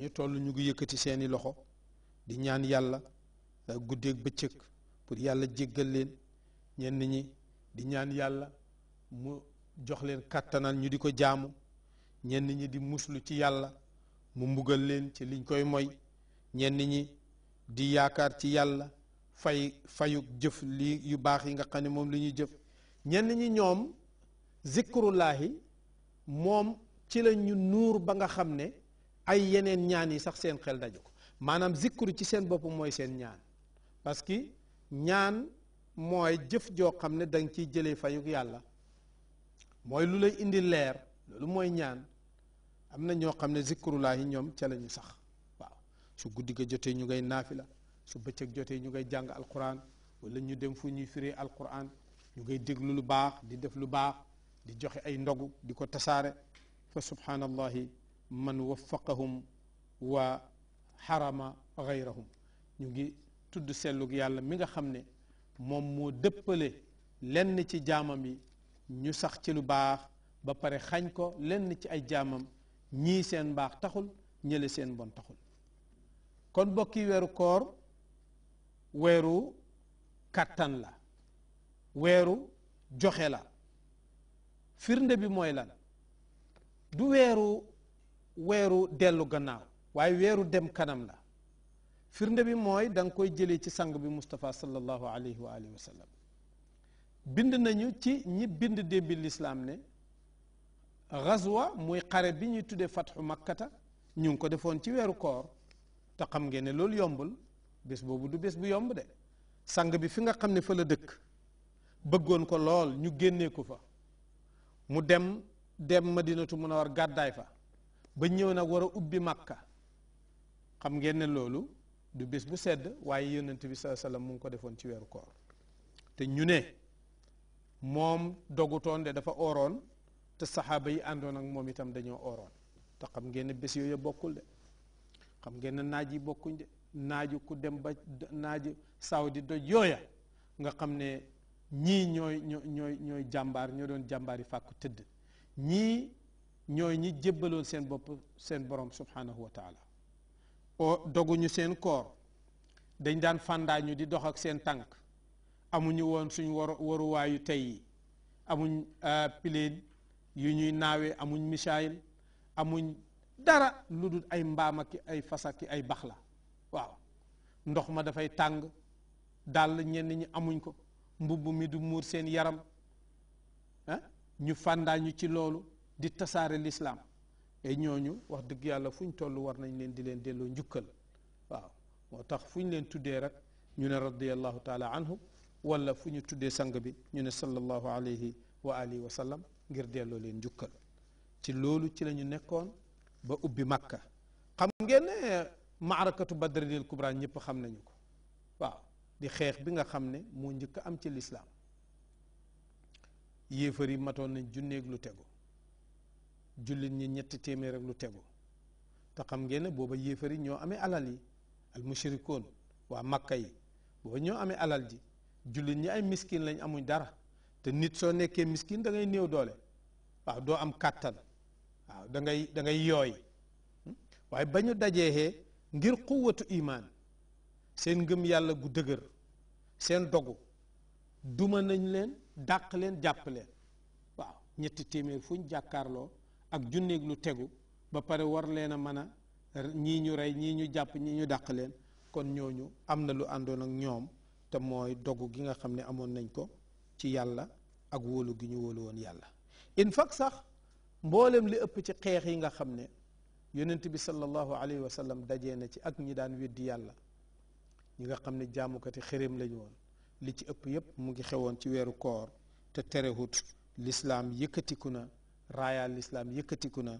ñu toll ñu ngi yëkkati seeni loxo di ñaan yàlla eh, guddeeg bëccëg pour yàlla jéggal leen ñenn ñi di ñaan yàlla mu jox leen kàttanal ñu di ko jaamu ñenn ñi di muslu ci yàlla mu mbugal leen ci liñ koy moy ñenn ñi di yaakaar ci yàlla fay fayuk jëf li yu baax yi nga xam ne moom li ñuy jëf ñenn ñi ñoom zikrullahi moom ci la ñu nuur ba nga xam ne ay yeneen ñaan yi sax seen xel daju ko maanaam zikru ci seen bopp mooy seen ñaan parce que ñaan mooy jëf joo xam ne danga nga ciy jëlee fayuk yàlla mooy lu lay indi leer loolu mooy ñaan am na ñoo xam ne zikrulaahi ñoom ca la ñu sax waaw su guddi ga jotee ñu ngay naafila su bëccëg jotee ñu ngay jàng alquran walla ñu dem fu ñuy firee alquran ñu ngay déglu lu baax di def lu baax di joxe ay ndogu di ko tasaare fa subhaanallahi man waffaqahum wa xarama gayrahum ñu ngi tudd sellug yàlla mi nga xam ne moom moo dëppale lenn ci jaamam yi ñu sax ci lu baax ba pare xañ ko lenn ci ay jaamam ñii seen mbaax taxul ñële seen bon taxul kon bokki weeru koor weeru kàttan la weeru joxe la firnde bi mooy lan du weeru weeru dellu gannaaw waaye weeru dem kanam la firnde bi mooy danga koy jële ci sang bi mustafa sallallahu alayhi wa alihi bind nañu ci ñi bind débbi lislaam ne ghazwa muy xare bi ñuy tuddee fatxu makkata ñu ngi ko defoon ci weeru koor te xam ngeen ne loolu yombul bés boobu du bés bu yomb de sang bi fi nga xam ne fa la dëkk bëggoon ko lool ñu génnee ko fa mu dem dem madinatu war gàddaay fa ba ñëw nag war a ubbi makka xam ngeen ne loolu du bés bu sedd waaye yonent bi saa sallam mu ngi ko defoon ci weeru koor te ñu ne moom dogutoon de dafa ooroon te saxaaba yi àndoon ak moom itam dañoo ooroon te xam ngeen ne bés yooyu bokkul de xam ngeen ne naaj yi bokkuñ de naaju ku dem ba saudi doj yooya nga xam ne ñii ñooy ñooy ñooy jàmbaar ñoo doon jàmbaari tëdd ñii ñooy ñi jébbaloon seen bopp seen borom subhanahu wa taala o doguñu seen koor dañ daan fàndaa di dox ak seen tànk amuñu woon suñ waruwaayu tey yi amuñ euh, pileen yu ñuy naawee amuñ misaayil amuñ dara lu dul ay mbaam ay fas ay bax la waaw ndox ma dafay tàng dal ñenn ñi amuñ ko mbubb mi du muur seen yaram ah, ñu fàndaañu ci loolu di tasaare lislaam ay ñooñu wax dëgg yàlla fu ñu toll war nañ leen di leen delloo njukkal waaw moo tax fu ñu leen tuddee rek ñu ne radiallahu taala anhu wala fu ñu tuddee sang bi ñu ne sallallahu alayhi wa ngir delloo leen njukkal ci loolu ci la ñu nekkoon ba ubbi makka xam ngeen ne maarakatu badrinil kubra ñëpp xam nañu ko waaw di xeex bi nga xam ne moo njëkk am ci lislaam yéefar yi matoon nañ junneeg lu tegu jullit ñi ñetti téeméer ak lu tegu te xam ngeen ne booba yéefar yi ñoo amee alal yi al mushrikoon waa makka yi booba ñoo amee alal ji jullit ñi ay miskin lañ amuñ dara te nit soo nekkee miskin da ngay néew doole waaw doo am kàttan waaw dangay dangay yooy hmm? waaye ba ñu dajeexee ngir quwatu imaan seen ngëm yàlla gu dëgër seen dogu duma nañ leen dàq leen jàpp leen waaw ñetti téeméer fu ñu jàkkaarloo ak junneeg lu tegu ba pare war leen a mana ñii ñu rey ñii ñu jàpp ñii ñu dàq leen kon ñooñu am na lu àndoon ak ñoom te mooy dogu gi nga xam ne amoon nañ ko ci yàlla ak wóolu gi ñu wóolu woon yàlla in fact sax mboolem li ëpp ci xeex yi nga xam ne yonent bi sallallahu alayhi wa sallam dajee na ci ak ñi daan weddi yàlla ñi nga xam ne jaamukati xërëm lañu woon li ci ëpp yépp mu ngi xewoon ci weeru koor te terewut lislaam yëkkatiku na raaya lislaam yëkkatiku na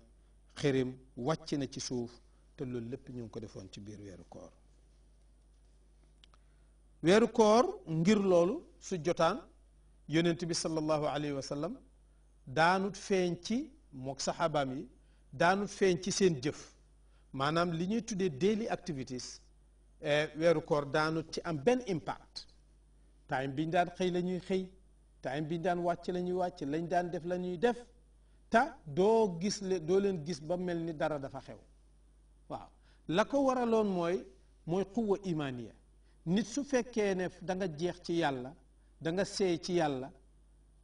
xërëm wàcc na ci suuf te loolu lépp ñu ngi ko defoon ci biir weeru koor weeru koor ngir loolu su jotaan yonent bi sallallahu alayhi wa daanut feeñ ci mook saxaabaam yi daanut feeñ ci seen jëf maanaam li ñuy tuddee daily activities e, weeru koor daanut ci am benn impact time bi ñu daan xëy la ñuy xëy time bi ñu daan wàcc la wàcc lañ daan def la ñuy def te doo gis le doo leen gis ba mel ni dara dafa xew waaw la ko waraloon mooy mooy xuwa imaaniya nit su fekkee ne da nga jeex ci yàlla da nga seey ci yàlla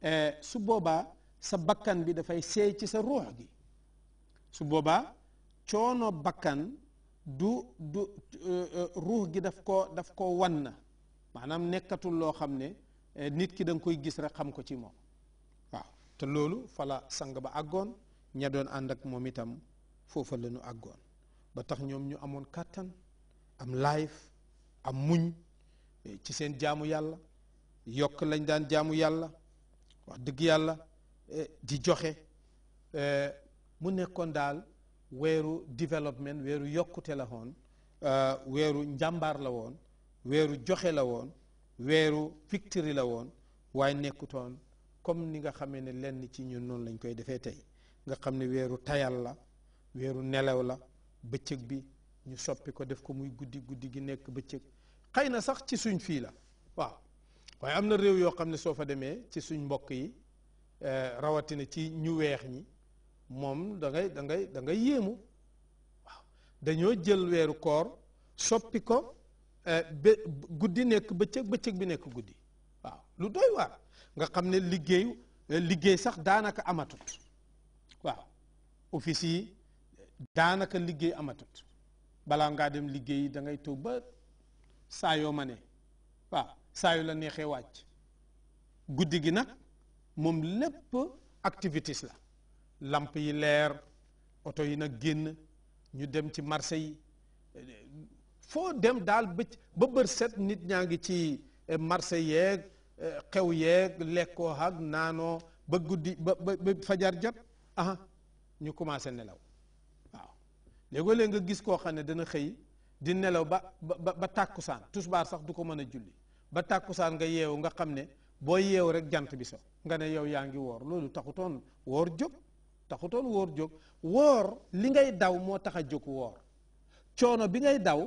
eh, su boobaa sa bakkan bi dafay seey ci sa ruux gi su boobaa coono bakkan du du eh, eh, ruux gi daf ko daf ko wan na maanaam nekkatul loo xam ne nit ki da nga koy gis rek xam ko ci moom te loolu fala sang ba àggoon ña doon ànd ak moom itam foofa la ñu àggoon ba tax ñoom ñu amoon kàttan am laayif am muñ eh, ci seen jaamu yàlla yokk lañ daan jaamu yàlla wax dëgg yàlla eh, di joxe eh, mu nekkoon daal weeru développement weeru yokkute la woon weeru njàmbaar la woon weeru joxe la woon weeru victoire la woon waaye nekkutoon comme ni nga xamee ne lenn ci ñun noonu lañ koy defee tey nga xam ne weeru tayal la weeru nelaw la bëccëg bi ñu soppi ko def ko muy guddi guddi gi nekk bëccëg xëy na sax ci suñ fii la waaw waaye am na réew yoo xam ne soo fa demee ci suñ mbokk yi euh, rawatina ci ñu weex ñi moom da ngay da yéemu dañoo jël weeru koor soppi ko euh, ba nekk bëccëg bi nekk guddi waaw lu doy waar nga xam ne liggéeyu eh, liggéey sax daanaka amatut waaw office yi daanaka liggéey amatut balaa ngaa dem liggéey da ngay toog ba saa yoo ma ne waaw saa la neexee wàcc guddi gi nag moom lépp activités la làmp yi leer oto yi nag génn ñu dem ci marché yi eh, foo dem daal ba ba bër set nit ñaa ngi ci eh, marché yeeg xew yeeg lekkoo ak naanoo ba guddi ba ba fajar jot aha ñu commencer nelaw waaw léegoo-léeg nga gis koo xam ne dana xëy di nelaw ba ba ba tàkkusaan tusbaar sax du ko mën a julli ba tàkkusaan nga yeewu nga xam ne boo yeewu rek jant bi so nga ne yow yaa ngi woor loolu taxutoon woor jóg woor jóg woor li ngay daw moo tax a jóg woor coono bi ngay daw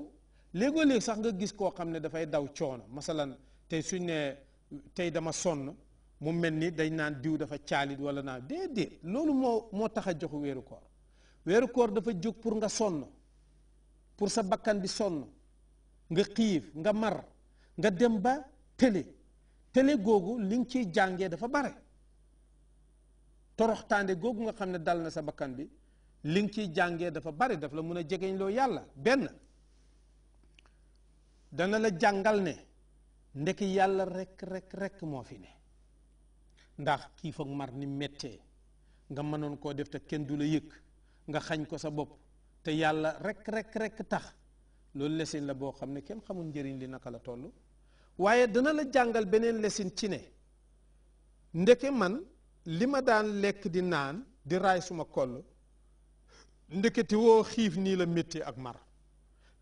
léegoo-léeg sax nga gis koo xam ne dafay daw coono masalan tey suñ ne tey dama sonn mu mel ni day naan diw dafa caalit wala naa déedéet loolu moo moo tax a jox weeru koor weeru koor dafa jóg pour nga sonn pour sa bakkan bi sonn nga xiif nga mar nga dem ba tële tële googu li ciy jàngee dafa bare toroxtaande googu nga xam ne dal na sa bakkan bi li nga ciy jàngee dafa bare daf la mun a jegeñ loo yàlla benn dana la jàngal ne ndek yàlla rekk rekk rekk moo fi ne ndax kii foog mar ni méttee nga mënoon koo def te kenn du la yëg nga xañ ko sa bopp te yàlla rek rekk rek tax loolu lesin la boo xam ne kenn xamul njëriñ li naka la toll waaye dana la jàngal beneen lesin ci ne ndeke man li ma daan lekk di naan di raay suma koll ndekete woo xiif nii la métti ak mar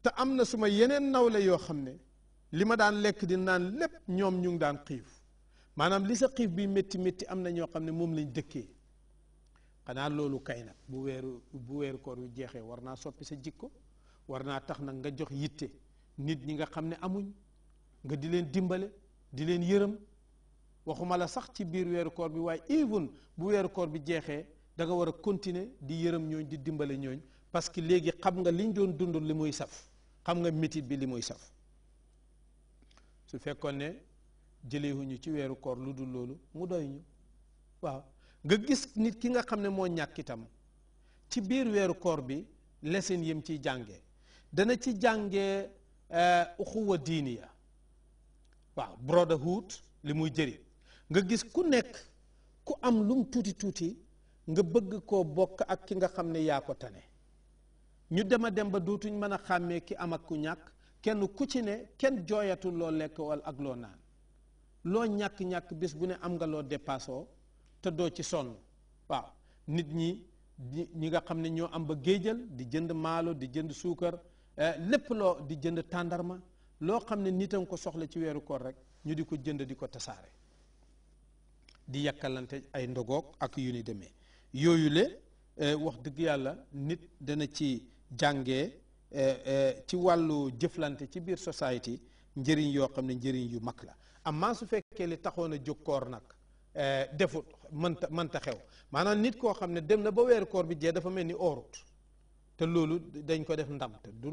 te am na suma yeneen nawle yoo xam ne li ma daan lekk di naan lépp ñoom ñu ngi daan xiif maanaam li sa xiif bii métti métti am na ñoo xam ne moom lañ dëkkee xanaa loolu kay nag bu weeru bu weeru koor yu jeexee war naa soppi sa jikko war naa tax nag nga jox yitte nit ñi nga xam ne amuñ nga di leen dimbale di leen yërëm waxuma la sax ci biir weeru koor bi waaye even bu weeru koor bi jeexee da nga war a continuer di yërëm ñooñ di dimbale ñooñ parce que léegi xam nga liñ doon dund li muy saf xam nga métit bi li muy saf su fekkoon ne jëlewuñu ci weeru koor lu dul loolu mu doy ñu waaw nga gis nit ki nga xam ne moo ñàkk itam ci biir weeru koor bi lesin yim ciy jànge dana ci jànge eh, uxuwa diiniya waaw brotherhood li muy jëriñ nga gis ku nekk ku am lum tuuti tuuti nga bëgg koo bokk ak ki nga xam ne yaa ko tane ñu dema dem ba dootuñ mën a xàmmee ki am ak ku ñàkk kenn ku ci ne kenn jooyatul loo lekk wal ak loo naan loo ñàkk-ñàkk bés bu ne am nga loo dépassoo te doo ci sonn waaw nit ñi ñi nga xam ne ñoo am ba géejal di jënd maalo di jënd suukar eh, lépp loo di jënd tàndarma loo xam ne nit a ko soxla ci weeru koor rek ñu di ko jënd di ko tasaare di yakkalante ay ndogook ak yu ni demee yooyu le eh, wax dëgg yàlla nit dana ci jàngee Eh, eh, ci wàllu jëflante ci biir society njëriñ yoo xam ne njëriñ yu mag la amaa su fekkee li taxoon a jóg koor nag eh, defut mënta mënta xew maanaam nit koo xam ne dem na ba weeru koor bi jee dafa mel ni oorut te loolu dañ ko def ndam te du